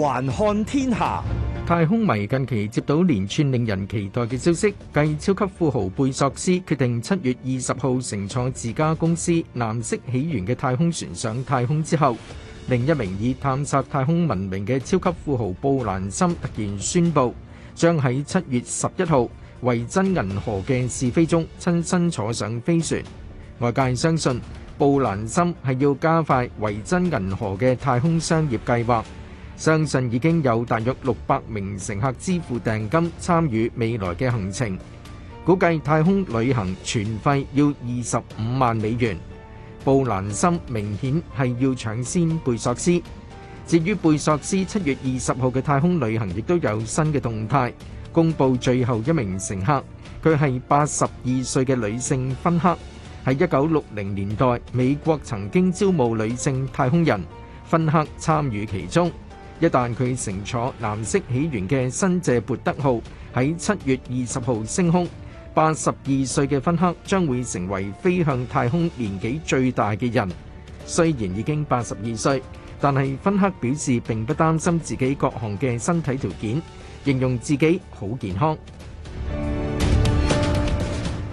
環看天下，太空迷近期接到連串令人期待嘅消息。繼超級富豪貝索斯決定七月二十號乘坐自家公司藍色起源嘅太空船上太空之後，另一名以探索太空文明嘅超級富豪布蘭森突然宣布，將喺七月十一號維珍銀河嘅試飛中親身坐上飛船。外界相信，布蘭森係要加快維珍銀河嘅太空商業計劃。相信已經有大約六百名乘客支付訂金參與未來嘅行程，估計太空旅行全費要二十五萬美元。布蘭森明顯係要搶先貝索斯。至於貝索斯七月二十號嘅太空旅行，亦都有新嘅動態，公布最後一名乘客，佢係八十二歲嘅女性芬克。喺一九六零年代，美國曾經招募女性太空人芬克參與其中。一旦佢乘坐藍色起源嘅新謝潑德號喺七月二十號升空，八十二歲嘅芬克將會成為飛向太空年紀最大嘅人。雖然已經八十二歲，但係芬克表示並不擔心自己各項嘅身體條件，形容自己好健康。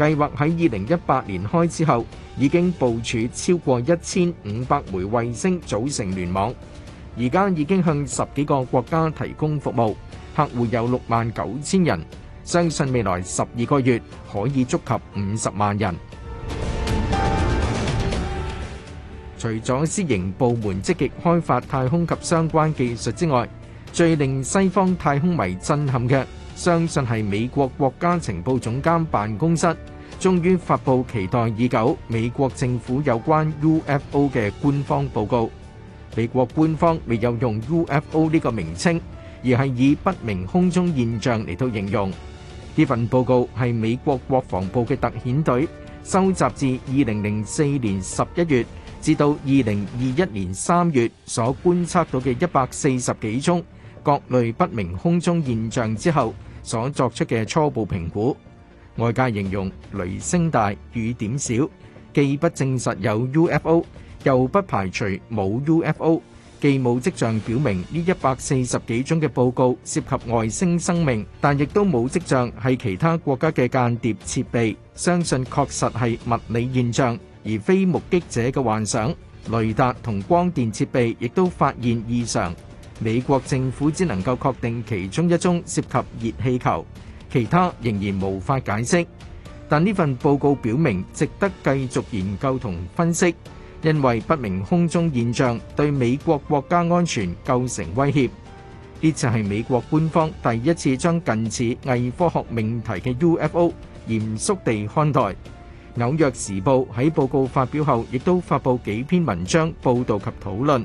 計劃喺二零一八年開始後，已經部署超過一千五百枚衛星組成聯網，而家已經向十幾個國家提供服務，客戶有六萬九千人，相信未來十二個月可以觸及五十萬人。除咗私營部門積極開發太空及相關技術之外，最令西方太空迷震撼嘅。相信係美國國家情報總監辦公室終於發布期待已久美國政府有關 UFO 嘅官方報告。美國官方未有用 UFO 呢個名稱，而係以不明空中現象嚟到形容。呢份報告係美國國防部嘅特遣隊收集自二零零四年十一月至到二零二一年三月所觀察到嘅一百四十幾宗各類不明空中現象之後所作出嘅初步評估，外界形容雷聲大雨點小，既不證實有 UFO，又不排除冇 UFO，既冇跡象表明呢一百四十幾宗嘅報告涉及外星生命，但亦都冇跡象係其他國家嘅間諜設備。相信確實係物理現象，而非目擊者嘅幻想。雷達同光電設備亦都發現異常。美國政府只能夠確定其中一宗涉及熱氣球，其他仍然無法解釋。但呢份報告表明值得繼續研究同分析，因為不明空中現象對美國國家安全構成威脅。呢就係美國官方第一次將近似偽科學命題嘅 UFO 嚴肅地看待。《紐約時報》喺報告發表後，亦都發布幾篇文章報導及討論。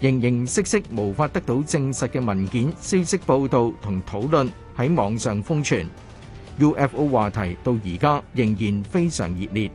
形形色色無法得到證實嘅文件、消息報道同討論，喺網上瘋傳，UFO 話題到而家仍然非常熱烈。